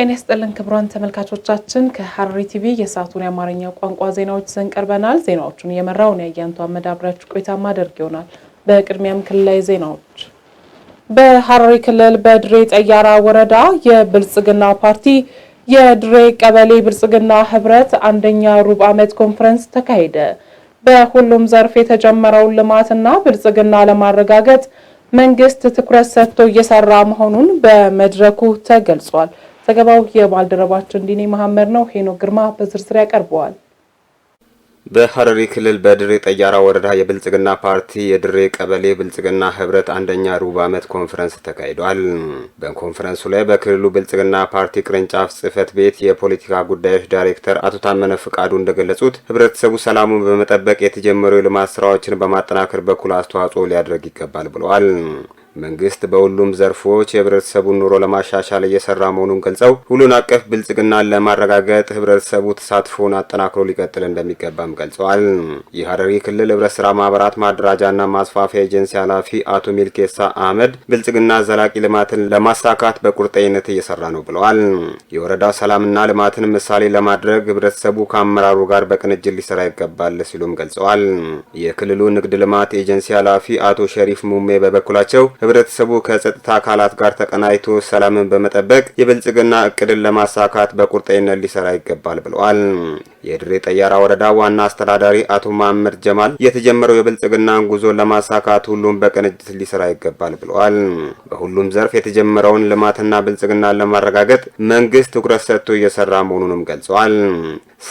ጤና ይስጥልን ክቡራን ተመልካቾቻችን፣ ከሐረሪ ቲቪ የሰዓቱን የአማርኛ ቋንቋ ዜናዎች ይዘን ቀርበናል። ዜናዎቹን የመራውን ያያንቱ አመዳብሪያችሁ ቆይታ ማደርግ ይሆናል። በቅድሚያም ክልላዊ ዜናዎች። በሐረሪ ክልል በድሬ ጠያራ ወረዳ የብልጽግና ፓርቲ የድሬ ቀበሌ ብልጽግና ህብረት አንደኛ ሩብ ዓመት ኮንፈረንስ ተካሄደ። በሁሉም ዘርፍ የተጀመረውን ልማትና ብልጽግና ለማረጋገጥ መንግስት ትኩረት ሰጥቶ እየሰራ መሆኑን በመድረኩ ተገልጿል። ዘገባው የባልደረባችን ዲኔ መሐመድ ነው። ሄኖ ግርማ በዝርዝር ያቀርበዋል። በሐረሪ ክልል በድሬ ጠያራ ወረዳ የብልጽግና ፓርቲ የድሬ ቀበሌ ብልጽግና ህብረት አንደኛ ሩብ ዓመት ኮንፈረንስ ተካሂዷል። በኮንፈረንሱ ላይ በክልሉ ብልጽግና ፓርቲ ቅርንጫፍ ጽህፈት ቤት የፖለቲካ ጉዳዮች ዳይሬክተር አቶ ታመነ ፍቃዱ እንደገለጹት ህብረተሰቡ ሰላሙን በመጠበቅ የተጀመሩ የልማት ስራዎችን በማጠናከር በኩል አስተዋጽኦ ሊያደርግ ይገባል ብለዋል። መንግስት በሁሉም ዘርፎች የህብረተሰቡን ኑሮ ለማሻሻል እየሰራ መሆኑን ገልጸው ሁሉን አቀፍ ብልጽግናን ለማረጋገጥ ህብረተሰቡ ተሳትፎን አጠናክሮ ሊቀጥል እንደሚገባም ገልጸዋል። የሀረሪ ክልል ህብረት ስራ ማህበራት ማደራጃና ማስፋፊያ ኤጀንሲ ኃላፊ አቶ ሚልኬሳ አህመድ ብልጽግና ዘላቂ ልማትን ለማሳካት በቁርጠኝነት እየሰራ ነው ብለዋል። የወረዳ ሰላምና ልማትን ምሳሌ ለማድረግ ህብረተሰቡ ከአመራሩ ጋር በቅንጅት ሊሰራ ይገባል ሲሉም ገልጸዋል። የክልሉ ንግድ ልማት ኤጀንሲ ኃላፊ አቶ ሸሪፍ ሙሜ በበኩላቸው ህብረተሰቡ ከጸጥታ አካላት ጋር ተቀናይቶ ሰላምን በመጠበቅ የብልጽግና እቅድን ለማሳካት በቁርጠኝነት ሊሰራ ይገባል ብለዋል። የድሬ ጠያራ ወረዳ ዋና አስተዳዳሪ አቶ መሐመድ ጀማል የተጀመረው የብልጽግናን ጉዞ ለማሳካት ሁሉም በቅንጅት ሊሰራ ይገባል ብለዋል። በሁሉም ዘርፍ የተጀመረውን ልማትና ብልጽግናን ለማረጋገጥ መንግስት ትኩረት ሰጥቶ እየሰራ መሆኑንም ገልጸዋል።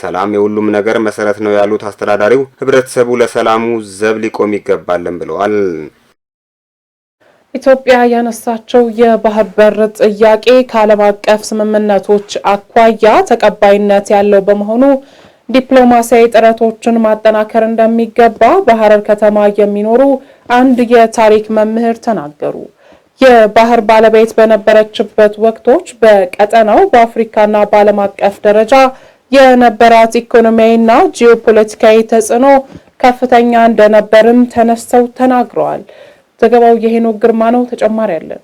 ሰላም የሁሉም ነገር መሰረት ነው ያሉት አስተዳዳሪው ህብረተሰቡ ለሰላሙ ዘብ ሊቆም ይገባልን ብለዋል። ኢትዮጵያ ያነሳቸው የባህር በር ጥያቄ ከዓለም አቀፍ ስምምነቶች አኳያ ተቀባይነት ያለው በመሆኑ ዲፕሎማሲያዊ ጥረቶችን ማጠናከር እንደሚገባ በሐረር ከተማ የሚኖሩ አንድ የታሪክ መምህር ተናገሩ። የባህር ባለቤት በነበረችበት ወቅቶች በቀጠናው በአፍሪካና በዓለም አቀፍ ደረጃ የነበራት ኢኮኖሚያዊና ጂኦፖለቲካዊ ተጽዕኖ ከፍተኛ እንደነበርም ተነስተው ተናግረዋል። ዘገባው የሄኖክ ግርማ ነው። ተጨማሪ አለን።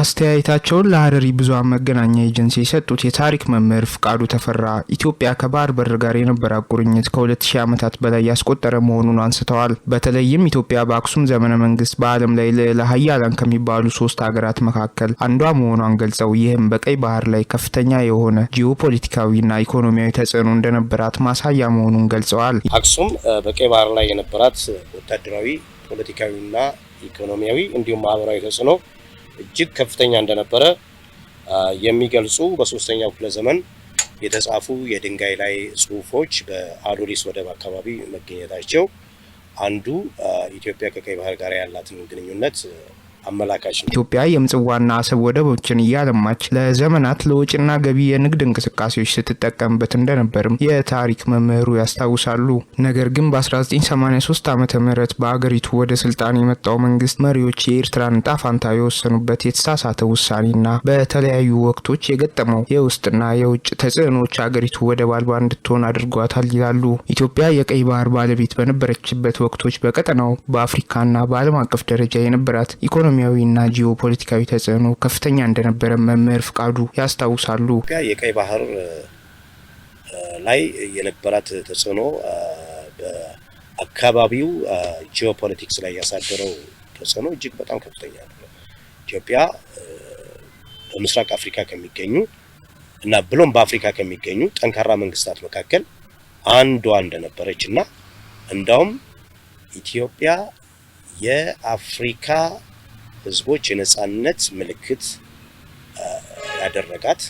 አስተያየታቸውን ለሀረሪ ብዙሃን መገናኛ ኤጀንሲ የሰጡት የታሪክ መምህር ፍቃዱ ተፈራ ኢትዮጵያ ከባህር በር ጋር የነበራት ቁርኝት ከ2000 ዓመታት በላይ ያስቆጠረ መሆኑን አንስተዋል። በተለይም ኢትዮጵያ በአክሱም ዘመነ መንግስት በዓለም ላይ ልዕለ ሀያላን ከሚባሉ ሶስት ሀገራት መካከል አንዷ መሆኗን ገልጸው ይህም በቀይ ባህር ላይ ከፍተኛ የሆነ ጂኦፖለቲካዊና ኢኮኖሚያዊ ተጽዕኖ እንደነበራት ማሳያ መሆኑን ገልጸዋል። አክሱም በቀይ ባህር ላይ የነበራት ወታደራዊ ፖለቲካዊና ኢኮኖሚያዊ እንዲሁም ማህበራዊ ተጽዕኖ እጅግ ከፍተኛ እንደነበረ የሚገልጹ በሶስተኛው ክፍለ ዘመን የተጻፉ የድንጋይ ላይ ጽሁፎች በአዶሊስ ወደብ አካባቢ መገኘታቸው አንዱ ኢትዮጵያ ከቀይ ባህር ጋር ያላትን ግንኙነት አመላካች ነው። ኢትዮጵያ የምጽዋና አሰብ ወደቦችን እያለማች ለዘመናት ለወጪና ገቢ የንግድ እንቅስቃሴዎች ስትጠቀምበት እንደነበርም የታሪክ መምህሩ ያስታውሳሉ። ነገር ግን በ1983 ዓ ም በአገሪቱ ወደ ስልጣን የመጣው መንግስት መሪዎች የኤርትራን እጣ ፋንታ የወሰኑበት የተሳሳተ ውሳኔና በተለያዩ ወቅቶች የገጠመው የውስጥና የውጭ ተጽዕኖዎች አገሪቱ ወደ ባልባ እንድትሆን አድርጓታል ይላሉ። ኢትዮጵያ የቀይ ባህር ባለቤት በነበረችበት ወቅቶች በቀጠናው በአፍሪካና በዓለም አቀፍ ደረጃ የነበራት ኢኮኖሚ ኢኮኖሚያዊና ጂኦፖለቲካዊ ተጽዕኖ ከፍተኛ እንደነበረ መምህር ፍቃዱ ያስታውሳሉ። የቀይ ባህር ላይ የነበራት ተጽዕኖ በአካባቢው ጂኦፖለቲክስ ላይ ያሳደረው ተጽዕኖ እጅግ በጣም ከፍተኛ ነው። ኢትዮጵያ በምስራቅ አፍሪካ ከሚገኙ እና ብሎም በአፍሪካ ከሚገኙ ጠንካራ መንግስታት መካከል አንዷ እንደነበረች እና እንዳውም ኢትዮጵያ የአፍሪካ ህዝቦች የነጻነት ምልክት ያደረጋት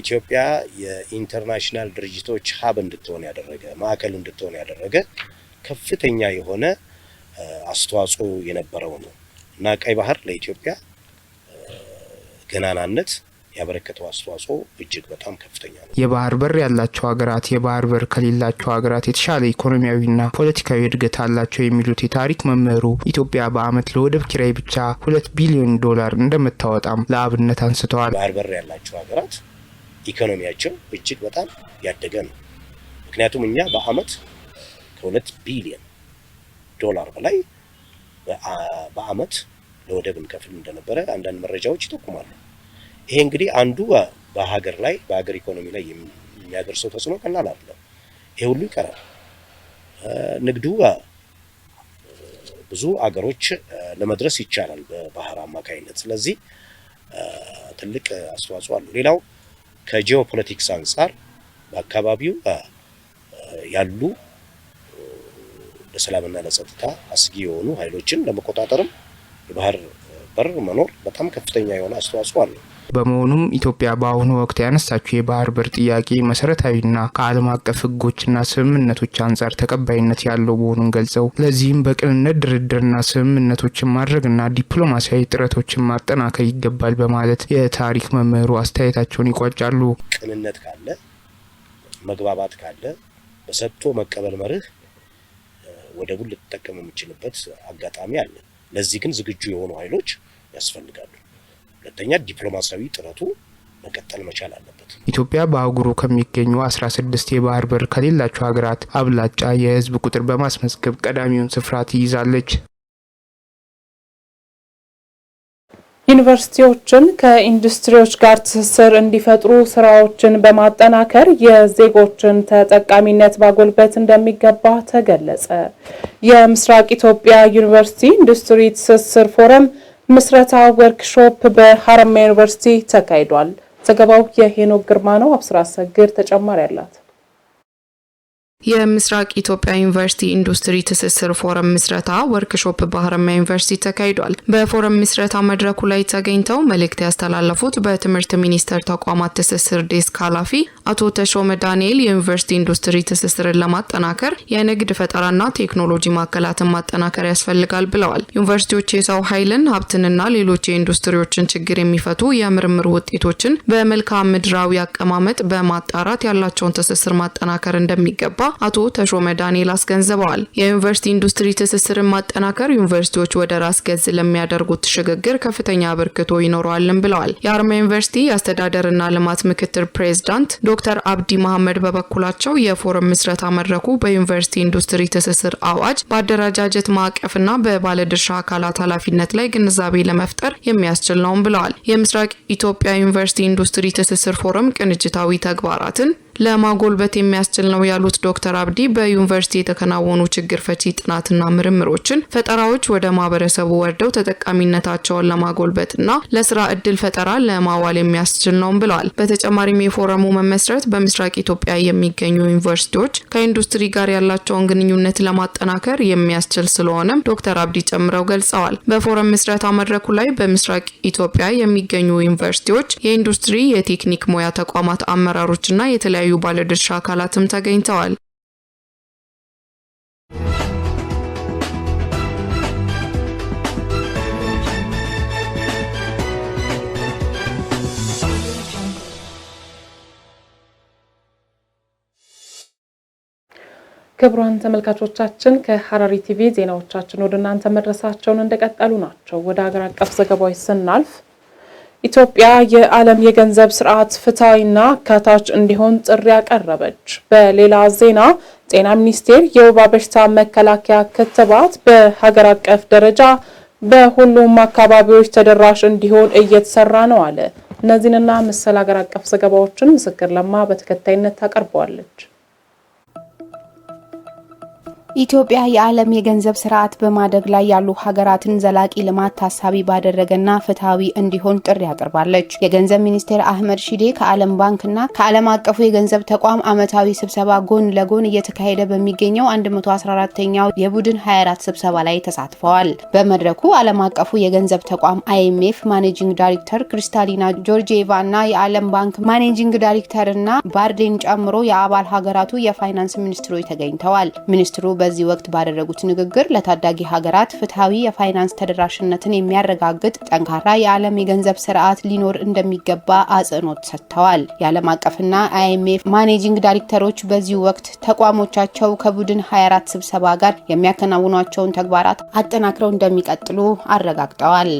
ኢትዮጵያ የኢንተርናሽናል ድርጅቶች ሀብ እንድትሆን ያደረገ ማዕከል እንድትሆን ያደረገ ከፍተኛ የሆነ አስተዋጽኦ የነበረው ነው እና ቀይ ባህር ለኢትዮጵያ ገናናነት ያበረከተው አስተዋጽኦ እጅግ በጣም ከፍተኛ ነው። የባህር በር ያላቸው ሀገራት የባህር በር ከሌላቸው ሀገራት የተሻለ ኢኮኖሚያዊና ፖለቲካዊ እድገት አላቸው የሚሉት የታሪክ መምህሩ ኢትዮጵያ በዓመት ለወደብ ኪራይ ብቻ ሁለት ቢሊዮን ዶላር እንደምታወጣም ለአብነት አንስተዋል። ባህር በር ያላቸው ሀገራት ኢኮኖሚያቸው እጅግ በጣም ያደገ ነው። ምክንያቱም እኛ በዓመት ከሁለት ቢሊዮን ዶላር በላይ በዓመት ለወደብ እንከፍል እንደነበረ አንዳንድ መረጃዎች ይጠቁማሉ። ይሄ እንግዲህ አንዱ በሀገር ላይ በሀገር ኢኮኖሚ ላይ የሚያደርሰው ተጽዕኖ ቀላል አይደለም። ይሄ ሁሉ ይቀራል። ንግዱ ብዙ አገሮች ለመድረስ ይቻላል በባህር አማካኝነት ስለዚህ ትልቅ አስተዋጽኦ አለው። ሌላው ከጂኦፖለቲክስ አንጻር በአካባቢው ያሉ ለሰላምና ለጸጥታ አስጊ የሆኑ ኃይሎችን ለመቆጣጠርም የባህር በር መኖር በጣም ከፍተኛ የሆነ አስተዋጽኦ አለው። በመሆኑም ኢትዮጵያ በአሁኑ ወቅት ያነሳችው የባህር በር ጥያቄ መሰረታዊና ከዓለም አቀፍ ህጎችና ስምምነቶች አንጻር ተቀባይነት ያለው መሆኑን ገልጸው ለዚህም በቅንነት ድርድርና ስምምነቶችን ማድረግና ዲፕሎማሲያዊ ጥረቶችን ማጠናከር ይገባል በማለት የታሪክ መምህሩ አስተያየታቸውን ይቋጫሉ። ቅንነት ካለ፣ መግባባት ካለ፣ በሰጥቶ መቀበል መርህ ወደቡን ልትጠቀም የምችልበት አጋጣሚ አለ። ለዚህ ግን ዝግጁ የሆኑ ኃይሎች ያስፈልጋሉ። ሁለተኛ ዲፕሎማሲያዊ ጥረቱ መቀጠል መቻል አለበት። ኢትዮጵያ በአህጉሩ ከሚገኙ 16 የባህር በር ከሌላቸው ሀገራት አብላጫ የህዝብ ቁጥር በማስመዝገብ ቀዳሚውን ስፍራ ትይዛለች። ዩኒቨርሲቲዎችን ከኢንዱስትሪዎች ጋር ትስስር እንዲፈጥሩ ስራዎችን በማጠናከር የዜጎችን ተጠቃሚነት ማጎልበት እንደሚገባ ተገለጸ። የምስራቅ ኢትዮጵያ ዩኒቨርሲቲ ኢንዱስትሪ ትስስር ፎረም ምስረታ ወርክሾፕ በሀረማያ ዩኒቨርሲቲ ተካሂዷል። ዘገባው የሄኖክ ግርማ ነው። አብስራ ሰግር ተጨማሪ አላት። የምስራቅ ኢትዮጵያ ዩኒቨርሲቲ ኢንዱስትሪ ትስስር ፎረም ምስረታ ወርክሾፕ በሀረማ ዩኒቨርሲቲ ተካሂዷል። በፎረም ምስረታ መድረኩ ላይ ተገኝተው መልእክት ያስተላለፉት በትምህርት ሚኒስቴር ተቋማት ትስስር ዴስክ ኃላፊ አቶ ተሾመ ዳንኤል የዩኒቨርሲቲ ኢንዱስትሪ ትስስርን ለማጠናከር የንግድ ፈጠራና ቴክኖሎጂ ማዕከላትን ማጠናከር ያስፈልጋል ብለዋል። ዩኒቨርሲቲዎች የሰው ኃይልን ሀብትንና ሌሎች የኢንዱስትሪዎችን ችግር የሚፈቱ የምርምር ውጤቶችን በመልክዓ ምድራዊ አቀማመጥ በማጣራት ያላቸውን ትስስር ማጠናከር እንደሚገባ አቶ ተሾመ ዳንኤል አስገንዝበዋል። የዩኒቨርሲቲ ኢንዱስትሪ ትስስርን ማጠናከር ዩኒቨርሲቲዎች ወደ ራስ ገዝ ለሚያደርጉት ሽግግር ከፍተኛ አበርክቶ ይኖረዋልን ብለዋል። የአርማ ዩኒቨርሲቲ የአስተዳደርና ልማት ምክትል ፕሬዝዳንት ዶክተር አብዲ መሐመድ በበኩላቸው የፎረም ምስረታ መድረኩ በዩኒቨርሲቲ ኢንዱስትሪ ትስስር አዋጅ በአደረጃጀት ማዕቀፍና በባለድርሻ አካላት ኃላፊነት ላይ ግንዛቤ ለመፍጠር የሚያስችል ነውም ብለዋል። የምስራቅ ኢትዮጵያ ዩኒቨርሲቲ ኢንዱስትሪ ትስስር ፎረም ቅንጅታዊ ተግባራትን ለማጎልበት የሚያስችል ነው ያሉት ዶክተር አብዲ በዩኒቨርሲቲ የተከናወኑ ችግር ፈቺ ጥናትና ምርምሮችን ፈጠራዎች ወደ ማህበረሰቡ ወርደው ተጠቃሚነታቸውን ለማጎልበትና ለስራ እድል ፈጠራ ለማዋል የሚያስችል ነውም ብለዋል። በተጨማሪም የፎረሙ መመስረት በምስራቅ ኢትዮጵያ የሚገኙ ዩኒቨርሲቲዎች ከኢንዱስትሪ ጋር ያላቸውን ግንኙነት ለማጠናከር የሚያስችል ስለሆነም ዶክተር አብዲ ጨምረው ገልጸዋል። በፎረም ምስረታ መድረኩ ላይ በምስራቅ ኢትዮጵያ የሚገኙ ዩኒቨርሲቲዎች የኢንዱስትሪ፣ የቴክኒክ ሙያ ተቋማት አመራሮችና የተለያዩ የተለያዩ ባለድርሻ አካላትም ተገኝተዋል። ክቡራን ተመልካቾቻችን ከሐረሪ ቲቪ ዜናዎቻችን ወደ እናንተ መድረሳቸውን እንደቀጠሉ ናቸው። ወደ ሀገር አቀፍ ዘገባዎች ስናልፍ ኢትዮጵያ የዓለም የገንዘብ ስርዓት ፍትሐዊና አካታች እንዲሆን ጥሪ ያቀረበች። በሌላ ዜና ጤና ሚኒስቴር የወባ በሽታ መከላከያ ክትባት በሀገር አቀፍ ደረጃ በሁሉም አካባቢዎች ተደራሽ እንዲሆን እየተሰራ ነው አለ። እነዚህንና መሰል ሀገር አቀፍ ዘገባዎችን ምስክር ለማ በተከታይነት ታቀርበዋለች። ኢትዮጵያ የዓለም የገንዘብ ስርዓት በማደግ ላይ ያሉ ሀገራትን ዘላቂ ልማት ታሳቢ ባደረገና ፍትሐዊ እንዲሆን ጥሪ አቅርባለች። የገንዘብ ሚኒስቴር አህመድ ሺዴ ከዓለም ባንክና ከዓለም አቀፉ የገንዘብ ተቋም ዓመታዊ ስብሰባ ጎን ለጎን እየተካሄደ በሚገኘው 114ኛው የቡድን 24 ስብሰባ ላይ ተሳትፈዋል። በመድረኩ ዓለም አቀፉ የገንዘብ ተቋም አይኤምኤፍ ማኔጂንግ ዳይሬክተር ክሪስታሊና ጆርጂየቫ እና የዓለም ባንክ ማኔጂንግ ዳይሬክተርና ባርዴን ጨምሮ የአባል ሀገራቱ የፋይናንስ ሚኒስትሮች ተገኝተዋል። ሚኒስትሩ በ በዚህ ወቅት ባደረጉት ንግግር ለታዳጊ ሀገራት ፍትሐዊ የፋይናንስ ተደራሽነትን የሚያረጋግጥ ጠንካራ የዓለም የገንዘብ ስርዓት ሊኖር እንደሚገባ አጽንኦት ሰጥተዋል። የዓለም አቀፍና አይኤምኤፍ ማኔጂንግ ዳይሬክተሮች በዚህ ወቅት ተቋሞቻቸው ከቡድን 24 ስብሰባ ጋር የሚያከናውኗቸውን ተግባራት አጠናክረው እንደሚቀጥሉ አረጋግጠዋል።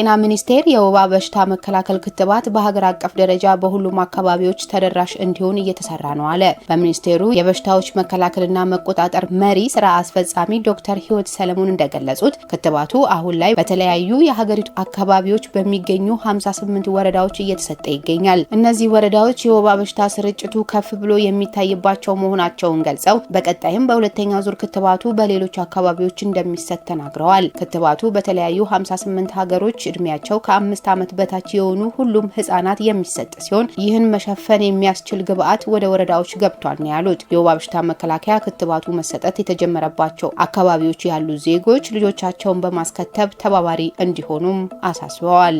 ጤና ሚኒስቴር የወባ በሽታ መከላከል ክትባት በሀገር አቀፍ ደረጃ በሁሉም አካባቢዎች ተደራሽ እንዲሆን እየተሰራ ነው አለ። በሚኒስቴሩ የበሽታዎች መከላከልና መቆጣጠር መሪ ስራ አስፈጻሚ ዶክተር ህይወት ሰለሞን እንደገለጹት ክትባቱ አሁን ላይ በተለያዩ የሀገሪቱ አካባቢዎች በሚገኙ 58 ወረዳዎች እየተሰጠ ይገኛል። እነዚህ ወረዳዎች የወባ በሽታ ስርጭቱ ከፍ ብሎ የሚታይባቸው መሆናቸውን ገልጸው በቀጣይም በሁለተኛ ዙር ክትባቱ በሌሎች አካባቢዎች እንደሚሰጥ ተናግረዋል። ክትባቱ በተለያዩ 58 ሀገሮች እድሜያቸው ከአምስት ዓመት በታች የሆኑ ሁሉም ህጻናት የሚሰጥ ሲሆን ይህን መሸፈን የሚያስችል ግብአት ወደ ወረዳዎች ገብቷል ነው ያሉት። የወባ በሽታ መከላከያ ክትባቱ መሰጠት የተጀመረባቸው አካባቢዎች ያሉ ዜጎች ልጆቻቸውን በማስከተብ ተባባሪ እንዲሆኑም አሳስበዋል።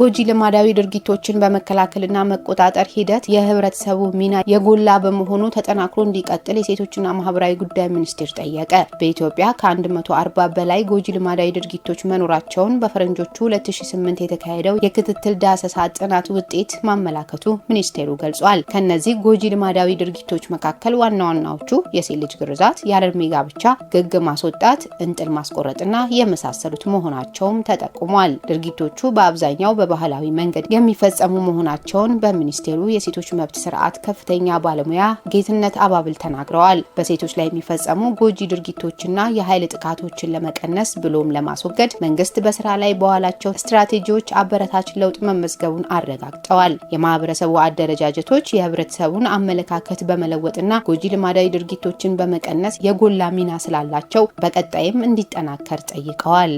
ጎጂ ልማዳዊ ድርጊቶችን በመከላከልና መቆጣጠር ሂደት የህብረተሰቡ ሚና የጎላ በመሆኑ ተጠናክሮ እንዲቀጥል የሴቶችና ማህበራዊ ጉዳይ ሚኒስቴር ጠየቀ። በኢትዮጵያ ከ140 በላይ ጎጂ ልማዳዊ ድርጊቶች መኖራቸውን በፈረንጆቹ 2008 የተካሄደው የክትትል ዳሰሳ ጥናት ውጤት ማመላከቱ ሚኒስቴሩ ገልጿል። ከነዚህ ጎጂ ልማዳዊ ድርጊቶች መካከል ዋና ዋናዎቹ የሴት ልጅ ግርዛት፣ ያለዕድሜ ጋብቻ፣ ግግ ማስወጣት፣ እንጥል ማስቆረጥና የመሳሰሉት መሆናቸውም ተጠቁሟል። ድርጊቶቹ በአብዛኛው በባህላዊ መንገድ የሚፈጸሙ መሆናቸውን በሚኒስቴሩ የሴቶች መብት ስርዓት ከፍተኛ ባለሙያ ጌትነት አባብል ተናግረዋል። በሴቶች ላይ የሚፈጸሙ ጎጂ ድርጊቶችና የኃይል ጥቃቶችን ለመቀነስ ብሎም ለማስወገድ መንግስት በስራ ላይ በኋላቸው ስትራቴጂዎች አበረታች ለውጥ መመዝገቡን አረጋግጠዋል። የማህበረሰቡ አደረጃጀቶች የህብረተሰቡን አመለካከት በመለወጥና ጎጂ ልማዳዊ ድርጊቶችን በመቀነስ የጎላ ሚና ስላላቸው በቀጣይም እንዲጠናከር ጠይቀዋል።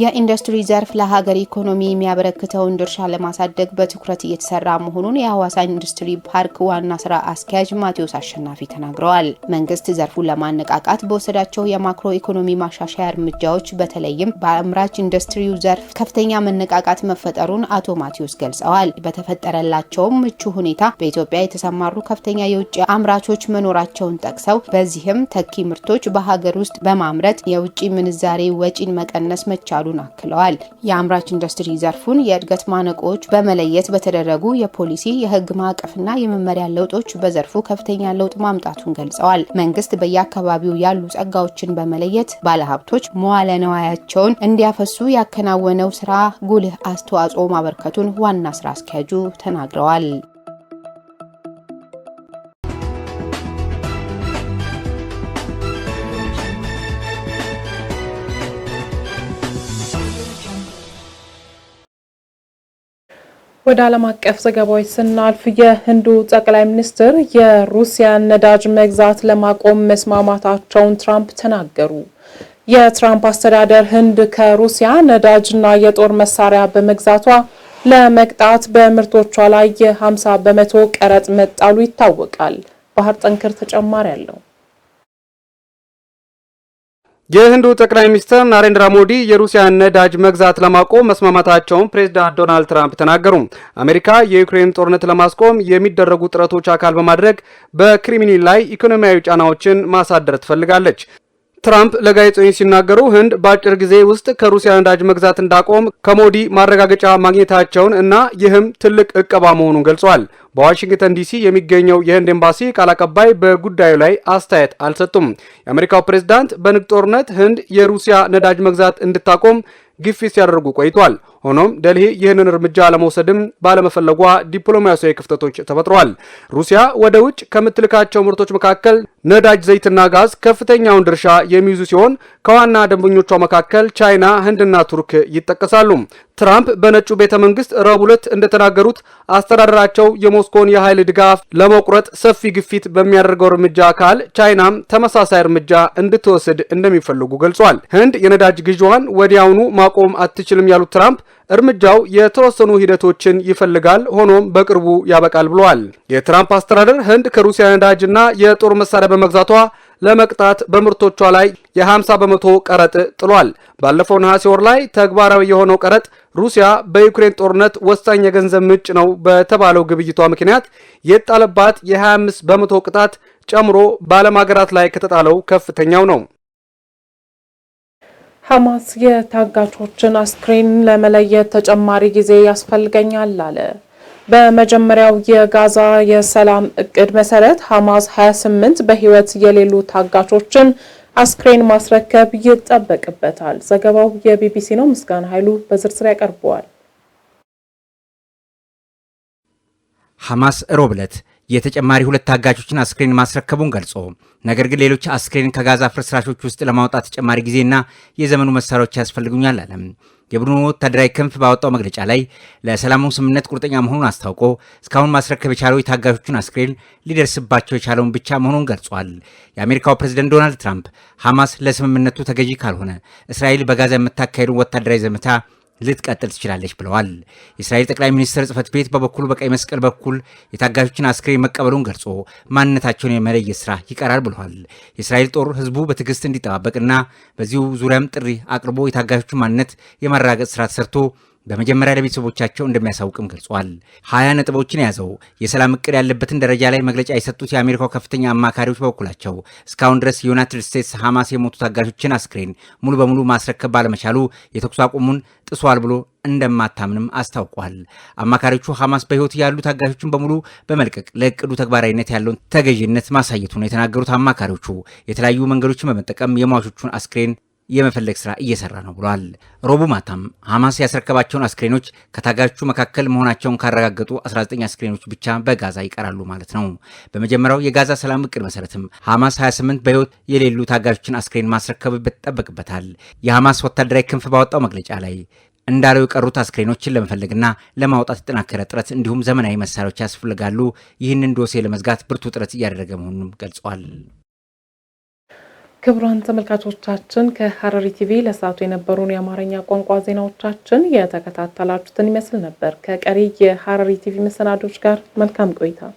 የኢንዱስትሪ ዘርፍ ለሀገር ኢኮኖሚ የሚያበረክተውን ድርሻ ለማሳደግ በትኩረት እየተሰራ መሆኑን የሐዋሳ ኢንዱስትሪ ፓርክ ዋና ስራ አስኪያጅ ማቴዎስ አሸናፊ ተናግረዋል። መንግስት ዘርፉን ለማነቃቃት በወሰዳቸው የማክሮ ኢኮኖሚ ማሻሻያ እርምጃዎች በተለይም በአምራች ኢንዱስትሪው ዘርፍ ከፍተኛ መነቃቃት መፈጠሩን አቶ ማቴዎስ ገልጸዋል። በተፈጠረላቸውም ምቹ ሁኔታ በኢትዮጵያ የተሰማሩ ከፍተኛ የውጭ አምራቾች መኖራቸውን ጠቅሰው በዚህም ተኪ ምርቶች በሀገር ውስጥ በማምረት የውጭ ምንዛሬ ወጪን መቀነስ መቻ መጣሉን አክለዋል። የአምራች ኢንዱስትሪ ዘርፉን የእድገት ማነቆዎች በመለየት በተደረጉ የፖሊሲ የህግ ማዕቀፍና የመመሪያ ለውጦች በዘርፉ ከፍተኛ ለውጥ ማምጣቱን ገልጸዋል። መንግስት በየአካባቢው ያሉ ጸጋዎችን በመለየት ባለሀብቶች መዋለ ነዋያቸውን እንዲያፈሱ ያከናወነው ስራ ጉልህ አስተዋጽኦ ማበርከቱን ዋና ስራ አስኪያጁ ተናግረዋል። ወደ ዓለም አቀፍ ዘገባዎች ስናልፍ የህንዱ ጠቅላይ ሚኒስትር የሩሲያን ነዳጅ መግዛት ለማቆም መስማማታቸውን ትራምፕ ተናገሩ። የትራምፕ አስተዳደር ህንድ ከሩሲያ ነዳጅና የጦር መሳሪያ በመግዛቷ ለመቅጣት በምርቶቿ ላይ የ50 በመቶ ቀረጥ መጣሉ ይታወቃል። ባህር ጠንክር ተጨማሪ አለው። የህንዱ ጠቅላይ ሚኒስትር ናሬንድራ ሞዲ የሩሲያን ነዳጅ መግዛት ለማቆም መስማማታቸውን ፕሬዚዳንት ዶናልድ ትራምፕ ተናገሩ። አሜሪካ የዩክሬን ጦርነት ለማስቆም የሚደረጉ ጥረቶች አካል በማድረግ በክሪምሊን ላይ ኢኮኖሚያዊ ጫናዎችን ማሳደር ትፈልጋለች። ትራምፕ ለጋዜጠኞች ሲናገሩ ህንድ በአጭር ጊዜ ውስጥ ከሩሲያ ነዳጅ መግዛት እንዳቆም ከሞዲ ማረጋገጫ ማግኘታቸውን እና ይህም ትልቅ እቀባ መሆኑን ገልጿል። በዋሽንግተን ዲሲ የሚገኘው የህንድ ኤምባሲ ቃል አቀባይ በጉዳዩ ላይ አስተያየት አልሰጡም። የአሜሪካው ፕሬዝዳንት በንግድ ጦርነት ህንድ የሩሲያ ነዳጅ መግዛት እንድታቆም ግፊት ሲያደርጉ ቆይቷል። ሆኖም ደልሂ ይህንን እርምጃ ለመውሰድም ባለመፈለጓ ዲፕሎማሲያዊ ክፍተቶች ተፈጥረዋል። ሩሲያ ወደ ውጭ ከምትልካቸው ምርቶች መካከል ነዳጅ፣ ዘይትና ጋዝ ከፍተኛውን ድርሻ የሚይዙ ሲሆን ከዋና ደንበኞቿ መካከል ቻይና፣ ህንድና ቱርክ ይጠቀሳሉ። ትራምፕ በነጩ ቤተ መንግስት ረቡዕ ዕለት እንደተናገሩት አስተዳደራቸው የሞስኮን የኃይል ድጋፍ ለመቁረጥ ሰፊ ግፊት በሚያደርገው እርምጃ አካል ቻይናም ተመሳሳይ እርምጃ እንድትወስድ እንደሚፈልጉ ገልጿል። ህንድ የነዳጅ ግዢዋን ወዲያውኑ ማቆም አትችልም ያሉት ትራምፕ እርምጃው የተወሰኑ ሂደቶችን ይፈልጋል፣ ሆኖም በቅርቡ ያበቃል ብለዋል። የትራምፕ አስተዳደር ህንድ ከሩሲያ ነዳጅና የጦር መሳሪያ በመግዛቷ ለመቅጣት በምርቶቿ ላይ የ50 በመቶ ቀረጥ ጥሏል። ባለፈው ነሐሴ ወር ላይ ተግባራዊ የሆነው ቀረጥ ሩሲያ በዩክሬን ጦርነት ወሳኝ የገንዘብ ምንጭ ነው በተባለው ግብይቷ ምክንያት የጣለባት የ25 በመቶ ቅጣት ጨምሮ በዓለም ሀገራት ላይ ከተጣለው ከፍተኛው ነው። ሐማስ የታጋቾችን አስክሬን ለመለየት ተጨማሪ ጊዜ ያስፈልገኛል አለ። በመጀመሪያው የጋዛ የሰላም እቅድ መሰረት ሐማስ 28 በህይወት የሌሉ ታጋቾችን አስክሬን ማስረከብ ይጠበቅበታል። ዘገባው የቢቢሲ ነው። ምስጋና ኃይሉ በዝርዝር ያቀርበዋል። ሐማስ ሮብለት የተጨማሪ ሁለት ታጋቾችን አስክሬን ማስረከቡን ገልጾ ነገር ግን ሌሎች አስክሬን ከጋዛ ፍርስራሾች ውስጥ ለማውጣት ተጨማሪ ጊዜና የዘመኑ መሳሪያዎች ያስፈልጉኛል አለም። የቡድኑ ወታደራዊ ክንፍ ባወጣው መግለጫ ላይ ለሰላሙ ስምምነት ቁርጠኛ መሆኑን አስታውቆ እስካሁን ማስረከብ የቻለው የታጋቾቹን አስክሬን ሊደርስባቸው የቻለውን ብቻ መሆኑን ገልጿል። የአሜሪካው ፕሬዝደንት ዶናልድ ትራምፕ ሐማስ ለስምምነቱ ተገዢ ካልሆነ እስራኤል በጋዛ የምታካሄዱ ወታደራዊ ዘመቻ ልትቀጥል ትችላለች ብለዋል። የእስራኤል ጠቅላይ ሚኒስትር ጽህፈት ቤት በበኩሉ በቀይ መስቀል በኩል የታጋቾችን አስክሬን መቀበሉን ገልጾ ማንነታቸውን የመለየት ስራ ይቀራል ብለዋል። የእስራኤል ጦር ህዝቡ በትዕግስት እንዲጠባበቅና በዚሁ ዙሪያም ጥሪ አቅርቦ የታጋቾችን ማንነት የማረጋገጥ ስራ ተሰርቶ በመጀመሪያ ለቤተሰቦቻቸው እንደሚያሳውቅም ገልጿል። ሀያ ነጥቦችን የያዘው የሰላም እቅድ ያለበትን ደረጃ ላይ መግለጫ የሰጡት የአሜሪካው ከፍተኛ አማካሪዎች በበኩላቸው እስካሁን ድረስ የዩናይትድ ስቴትስ ሐማስ የሞቱ ታጋቾችን አስክሬን ሙሉ በሙሉ ማስረከብ ባለመቻሉ የተኩስ አቁሙን ጥሷል ብሎ እንደማታምንም አስታውቋል። አማካሪዎቹ ሐማስ በሕይወት ያሉ ታጋቾችን በሙሉ በመልቀቅ ለእቅዱ ተግባራዊነት ያለውን ተገዥነት ማሳየቱን የተናገሩት። አማካሪዎቹ የተለያዩ መንገዶችን በመጠቀም የሟቾቹን አስክሬን የመፈለግ ስራ እየሰራ ነው ብሏል። ሮቡ ማታም ሐማስ ያስረከባቸውን አስክሬኖች ከታጋቹ መካከል መሆናቸውን ካረጋገጡ 19 አስክሬኖች ብቻ በጋዛ ይቀራሉ ማለት ነው። በመጀመሪያው የጋዛ ሰላም እቅድ መሰረትም ሐማስ 28 በህይወት የሌሉ ታጋቾችን አስክሬን ማስረከብ ይጠበቅበታል። የሐማስ ወታደራዊ ክንፍ ባወጣው መግለጫ ላይ እንዳለው የቀሩት አስክሬኖችን ለመፈለግና ለማውጣት የጠናከረ ጥረት እንዲሁም ዘመናዊ መሳሪያዎች ያስፈልጋሉ። ይህንን ዶሴ ለመዝጋት ብርቱ ጥረት እያደረገ መሆኑንም ገልጿል። ክቡራን ተመልካቾቻችን ከሐረሪ ቲቪ ለሰዓቱ የነበሩን የአማርኛ ቋንቋ ዜናዎቻችን የተከታተላችሁትን ይመስል ነበር። ከቀሪ የሐረሪ ቲቪ መሰናዶች ጋር መልካም ቆይታ